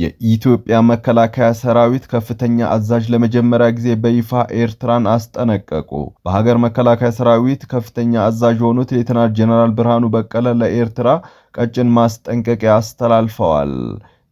የኢትዮጵያ መከላከያ ሰራዊት ከፍተኛ አዛዥ ለመጀመሪያ ጊዜ በይፋ ኤርትራን አስጠነቀቁ። በሀገር መከላከያ ሰራዊት ከፍተኛ አዛዥ የሆኑት ሌተናል ጀነራል ብርሃኑ በቀለ ለኤርትራ ቀጭን ማስጠንቀቂያ አስተላልፈዋል።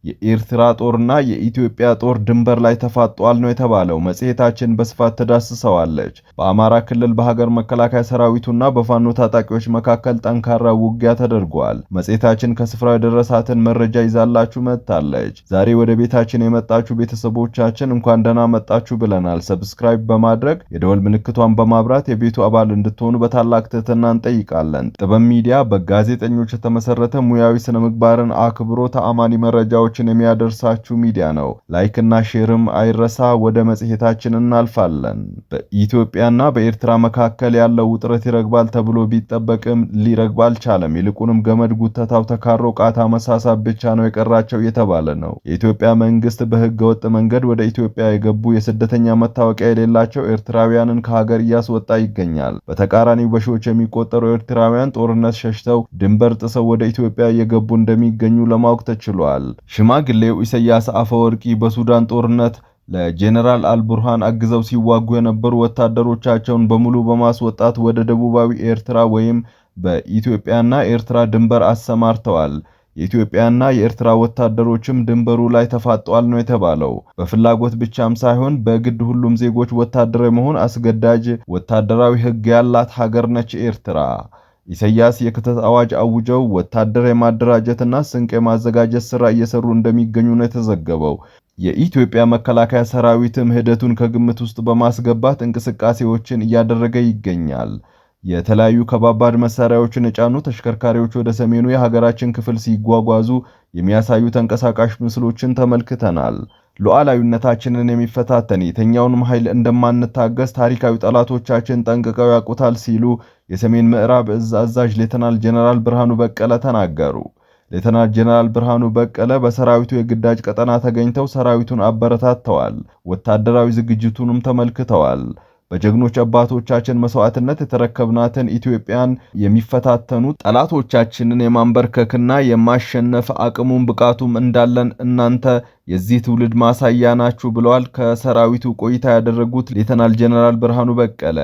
የኤርትራ ጦርና የኢትዮጵያ ጦር ድንበር ላይ ተፋጧል ነው የተባለው። መጽሔታችን በስፋት ትዳስሰዋለች። በአማራ ክልል በሀገር መከላከያ ሰራዊቱና በፋኖ ታጣቂዎች መካከል ጠንካራ ውጊያ ተደርጓል። መጽሔታችን ከስፍራው የደረሳትን መረጃ ይዛላችሁ መጥታለች። ዛሬ ወደ ቤታችን የመጣችሁ ቤተሰቦቻችን እንኳን ደህና መጣችሁ ብለናል። ሰብስክራይብ በማድረግ የደወል ምልክቷን በማብራት የቤቱ አባል እንድትሆኑ በታላቅ ትህትና እንጠይቃለን። ጥበብ ሚዲያ በጋዜጠኞች የተመሰረተ ሙያዊ ስነምግባርን አክብሮ ተአማኒ መረጃዎች መረጃዎችን የሚያደርሳችሁ ሚዲያ ነው። ላይክና ሼርም አይረሳ። ወደ መጽሔታችን እናልፋለን። በኢትዮጵያና በኤርትራ መካከል ያለው ውጥረት ይረግባል ተብሎ ቢጠበቅም ሊረግባ አልቻለም። ይልቁንም ገመድ ጉተታው ተካሮ ቃታ መሳሳብ ብቻ ነው የቀራቸው እየተባለ ነው። የኢትዮጵያ መንግስት በህገ ወጥ መንገድ ወደ ኢትዮጵያ የገቡ የስደተኛ መታወቂያ የሌላቸው ኤርትራውያንን ከሀገር እያስወጣ ይገኛል። በተቃራኒው በሺዎች የሚቆጠሩ ኤርትራውያን ጦርነት ሸሽተው ድንበር ጥሰው ወደ ኢትዮጵያ እየገቡ እንደሚገኙ ለማወቅ ተችሏል። ሽማግሌው ኢሳያስ አፈወርቂ በሱዳን ጦርነት ለጄኔራል አልቡርሃን አግዘው ሲዋጉ የነበሩ ወታደሮቻቸውን በሙሉ በማስወጣት ወደ ደቡባዊ ኤርትራ ወይም በኢትዮጵያና ኤርትራ ድንበር አሰማርተዋል። የኢትዮጵያና የኤርትራ ወታደሮችም ድንበሩ ላይ ተፋጧል ነው የተባለው። በፍላጎት ብቻም ሳይሆን በግድ ሁሉም ዜጎች ወታደራዊ መሆን አስገዳጅ ወታደራዊ ሕግ ያላት ሀገር ነች ኤርትራ። ኢሳያስ የክተት አዋጅ አውጀው ወታደር የማደራጀትና ስንቅ የማዘጋጀት ስራ እየሰሩ እንደሚገኙ ነው የተዘገበው። የኢትዮጵያ መከላከያ ሰራዊትም ሂደቱን ከግምት ውስጥ በማስገባት እንቅስቃሴዎችን እያደረገ ይገኛል። የተለያዩ ከባባድ መሳሪያዎችን የጫኑ ተሽከርካሪዎች ወደ ሰሜኑ የሀገራችን ክፍል ሲጓጓዙ የሚያሳዩ ተንቀሳቃሽ ምስሎችን ተመልክተናል። ሉዓላዊነታችንን የሚፈታተን የተኛውን ኃይል እንደማንታገስ ታሪካዊ ጠላቶቻችን ጠንቅቀው ያውቁታል ሲሉ የሰሜን ምዕራብ እዝ አዛዥ ሌተናል ጀነራል ብርሃኑ በቀለ ተናገሩ። ሌተናል ጀነራል ብርሃኑ በቀለ በሰራዊቱ የግዳጅ ቀጠና ተገኝተው ሰራዊቱን አበረታተዋል። ወታደራዊ ዝግጅቱንም ተመልክተዋል። በጀግኖች አባቶቻችን መስዋዕትነት የተረከብናትን ኢትዮጵያን የሚፈታተኑ ጠላቶቻችንን የማንበርከክና የማሸነፍ አቅሙን ብቃቱም እንዳለን እናንተ የዚህ ትውልድ ማሳያ ናችሁ ብለዋል። ከሰራዊቱ ቆይታ ያደረጉት ሌተናል ጀነራል ብርሃኑ በቀለ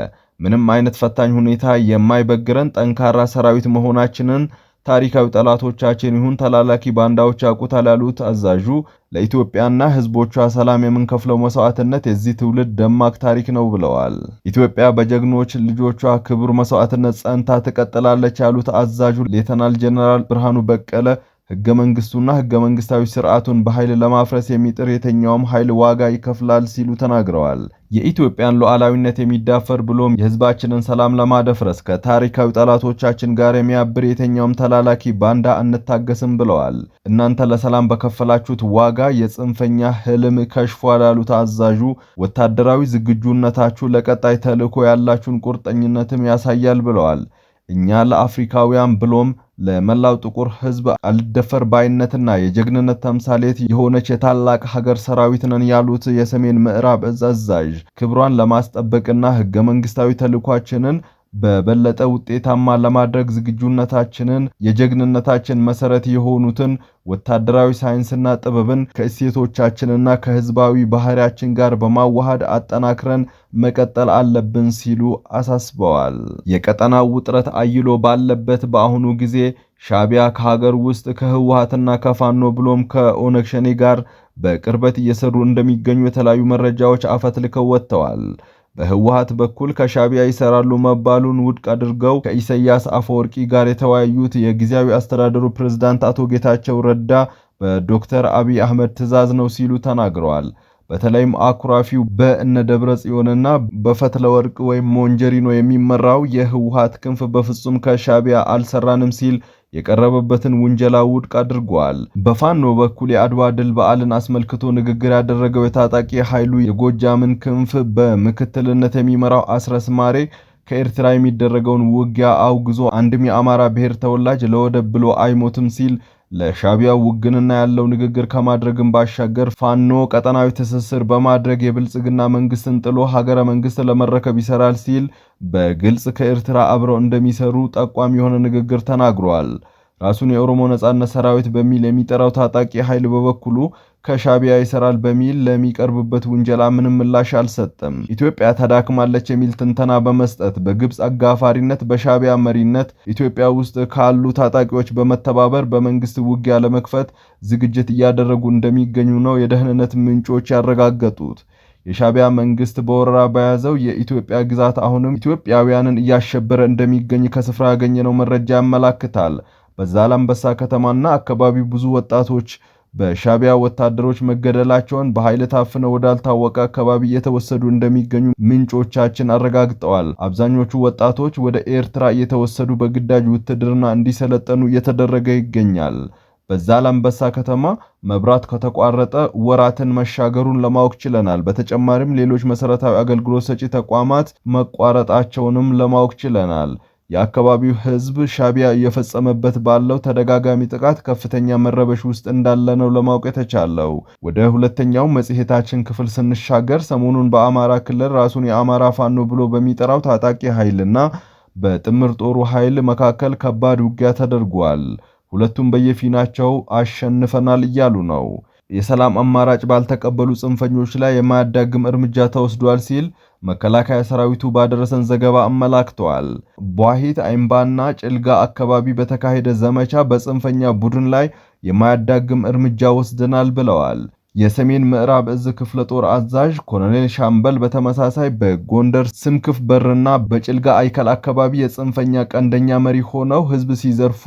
ምንም አይነት ፈታኝ ሁኔታ የማይበግረን ጠንካራ ሰራዊት መሆናችንን ታሪካዊ ጠላቶቻችን ይሁን ተላላኪ ባንዳዎች ያውቁታል ያሉት አዛዡ ለኢትዮጵያና ሕዝቦቿ ሰላም የምንከፍለው መስዋዕትነት የዚህ ትውልድ ደማቅ ታሪክ ነው ብለዋል። ኢትዮጵያ በጀግኖች ልጆቿ ክቡር መስዋዕትነት ጸንታ ትቀጥላለች ያሉት አዛዡ ሌተናል ጄኔራል ብርሃኑ በቀለ ህገ መንግስቱና ህገ መንግስታዊ ስርዓቱን በኃይል ለማፍረስ የሚጥር የተኛውም ኃይል ዋጋ ይከፍላል ሲሉ ተናግረዋል። የኢትዮጵያን ሉዓላዊነት የሚዳፈር ብሎም የህዝባችንን ሰላም ለማደፍረስ ከታሪካዊ ጠላቶቻችን ጋር የሚያብር የተኛውም ተላላኪ ባንዳ እንታገስም ብለዋል። እናንተ ለሰላም በከፈላችሁት ዋጋ የጽንፈኛ ህልም ከሽፏል ያሉት አዛዡ ወታደራዊ ዝግጁነታችሁ ለቀጣይ ተልዕኮ ያላችሁን ቁርጠኝነትም ያሳያል ብለዋል። እኛ ለአፍሪካውያን ብሎም ለመላው ጥቁር ሕዝብ አልደፈር ባይነትና የጀግንነት ተምሳሌት የሆነች የታላቅ ሀገር ሰራዊት ነን ያሉት የሰሜን ምዕራብ እዝ አዛዥ ክብሯን ለማስጠበቅና ሕገ መንግስታዊ ተልኳችንን በበለጠ ውጤታማ ለማድረግ ዝግጁነታችንን የጀግንነታችን መሰረት የሆኑትን ወታደራዊ ሳይንስና ጥበብን ከእሴቶቻችንና ከህዝባዊ ባህሪያችን ጋር በማዋሃድ አጠናክረን መቀጠል አለብን ሲሉ አሳስበዋል። የቀጠናው ውጥረት አይሎ ባለበት በአሁኑ ጊዜ ሻቢያ ከሀገር ውስጥ ከህወሓትና ከፋኖ ብሎም ከኦነግ ሸኔ ጋር በቅርበት እየሰሩ እንደሚገኙ የተለያዩ መረጃዎች አፈትልከው ወጥተዋል። በህወሀት በኩል ከሻቢያ ይሰራሉ መባሉን ውድቅ አድርገው ከኢሳያስ አፈወርቂ ጋር የተወያዩት የጊዜያዊ አስተዳደሩ ፕሬዝዳንት አቶ ጌታቸው ረዳ በዶክተር አብይ አህመድ ትዕዛዝ ነው ሲሉ ተናግረዋል። በተለይም አኩራፊው በእነ ደብረ ጽዮንና በፈትለ ወርቅ ወይም ሞንጀሪኖ የሚመራው የህወሀት ክንፍ በፍጹም ከሻቢያ አልሰራንም ሲል የቀረበበትን ውንጀላ ውድቅ አድርጓል። በፋኖ በኩል የአድዋ ድል በዓልን አስመልክቶ ንግግር ያደረገው የታጣቂ ኃይሉ የጎጃምን ክንፍ በምክትልነት የሚመራው አስረስ ማሬ ከኤርትራ የሚደረገውን ውጊያ አውግዞ አንድም የአማራ ብሔር ተወላጅ ለወደብ ብሎ አይሞትም ሲል ለሻቢያው ውግንና ያለው ንግግር ከማድረግን ባሻገር ፋኖ ቀጠናዊ ትስስር በማድረግ የብልጽግና መንግስትን ጥሎ ሀገረ መንግስት ለመረከብ ይሰራል ሲል በግልጽ ከኤርትራ አብረው እንደሚሰሩ ጠቋሚ የሆነ ንግግር ተናግሯል። ራሱን የኦሮሞ ነጻነት ሰራዊት በሚል የሚጠራው ታጣቂ ኃይል በበኩሉ ከሻቢያ ይሰራል በሚል ለሚቀርብበት ውንጀላ ምንም ምላሽ አልሰጠም። ኢትዮጵያ ተዳክማለች የሚል ትንተና በመስጠት በግብፅ አጋፋሪነት በሻቢያ መሪነት ኢትዮጵያ ውስጥ ካሉ ታጣቂዎች በመተባበር በመንግስት ውጊያ ለመክፈት ዝግጅት እያደረጉ እንደሚገኙ ነው የደህንነት ምንጮች ያረጋገጡት። የሻቢያ መንግስት በወረራ በያዘው የኢትዮጵያ ግዛት አሁንም ኢትዮጵያውያንን እያሸበረ እንደሚገኝ ከስፍራ ያገኘነው መረጃ ያመላክታል። በዛላምበሳ ከተማና አካባቢ ብዙ ወጣቶች በሻቢያ ወታደሮች መገደላቸውን በኃይል ታፍነው ወዳልታወቀ አካባቢ እየተወሰዱ እንደሚገኙ ምንጮቻችን አረጋግጠዋል። አብዛኞቹ ወጣቶች ወደ ኤርትራ እየተወሰዱ በግዳጅ ውትድርና እንዲሰለጠኑ እየተደረገ ይገኛል። በዛላምበሳ ከተማ መብራት ከተቋረጠ ወራትን መሻገሩን ለማወቅ ችለናል። በተጨማሪም ሌሎች መሰረታዊ አገልግሎት ሰጪ ተቋማት መቋረጣቸውንም ለማወቅ ችለናል። የአካባቢው ህዝብ ሻቢያ እየፈጸመበት ባለው ተደጋጋሚ ጥቃት ከፍተኛ መረበሽ ውስጥ እንዳለ ነው ለማወቅ የተቻለው። ወደ ሁለተኛው መጽሔታችን ክፍል ስንሻገር ሰሞኑን በአማራ ክልል ራሱን የአማራ ፋኖ ብሎ በሚጠራው ታጣቂ ኃይልና በጥምር ጦሩ ኃይል መካከል ከባድ ውጊያ ተደርጓል። ሁለቱም በየፊናቸው አሸንፈናል እያሉ ነው። የሰላም አማራጭ ባልተቀበሉ ጽንፈኞች ላይ የማያዳግም እርምጃ ተወስዷል ሲል መከላከያ ሰራዊቱ ባደረሰን ዘገባ አመላክተዋል። ቧሂት አይምባና ጭልጋ አካባቢ በተካሄደ ዘመቻ በጽንፈኛ ቡድን ላይ የማያዳግም እርምጃ ወስደናል ብለዋል። የሰሜን ምዕራብ እዝ ክፍለ ጦር አዛዥ ኮሎኔል ሻምበል በተመሳሳይ በጎንደር ስምክፍ በርና በጭልጋ አይከል አካባቢ የጽንፈኛ ቀንደኛ መሪ ሆነው ህዝብ ሲዘርፉ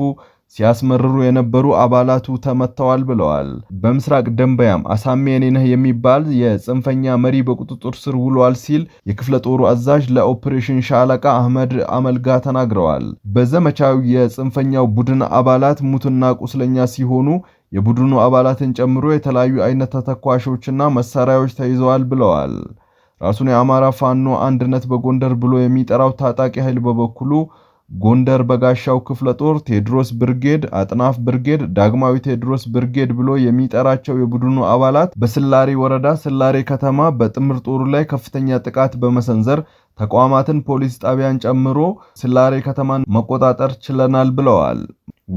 ሲያስመርሩ የነበሩ አባላቱ ተመተዋል ብለዋል። በምስራቅ ደንበያም አሳሜ የኔነህ የሚባል የጽንፈኛ መሪ በቁጥጥር ስር ውሏል ሲል የክፍለ ጦሩ አዛዥ ለኦፕሬሽን ሻለቃ አህመድ አመልጋ ተናግረዋል። በዘመቻው የጽንፈኛው ቡድን አባላት ሙትና ቁስለኛ ሲሆኑ የቡድኑ አባላትን ጨምሮ የተለያዩ አይነት ተተኳሾችና መሳሪያዎች ተይዘዋል ብለዋል። ራሱን የአማራ ፋኖ አንድነት በጎንደር ብሎ የሚጠራው ታጣቂ ኃይል በበኩሉ ጎንደር በጋሻው ክፍለ ጦር፣ ቴዎድሮስ ብርጌድ፣ አጥናፍ ብርጌድ፣ ዳግማዊ ቴዎድሮስ ብርጌድ ብሎ የሚጠራቸው የቡድኑ አባላት በስላሬ ወረዳ ስላሬ ከተማ በጥምር ጦሩ ላይ ከፍተኛ ጥቃት በመሰንዘር ተቋማትን ፖሊስ ጣቢያን ጨምሮ ስላሬ ከተማን መቆጣጠር ችለናል ብለዋል።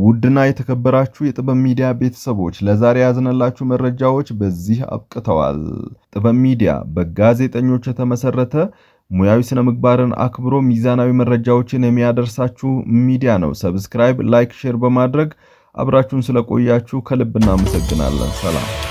ውድና የተከበራችሁ የጥበብ ሚዲያ ቤተሰቦች ለዛሬ ያዝነላችሁ መረጃዎች በዚህ አብቅተዋል። ጥበብ ሚዲያ በጋዜጠኞች የተመሰረተ ሙያዊ ስነ ምግባርን አክብሮ ሚዛናዊ መረጃዎችን የሚያደርሳችሁ ሚዲያ ነው። ሰብስክራይብ፣ ላይክ፣ ሼር በማድረግ አብራችሁን ስለቆያችሁ ከልብ እናመሰግናለን። ሰላም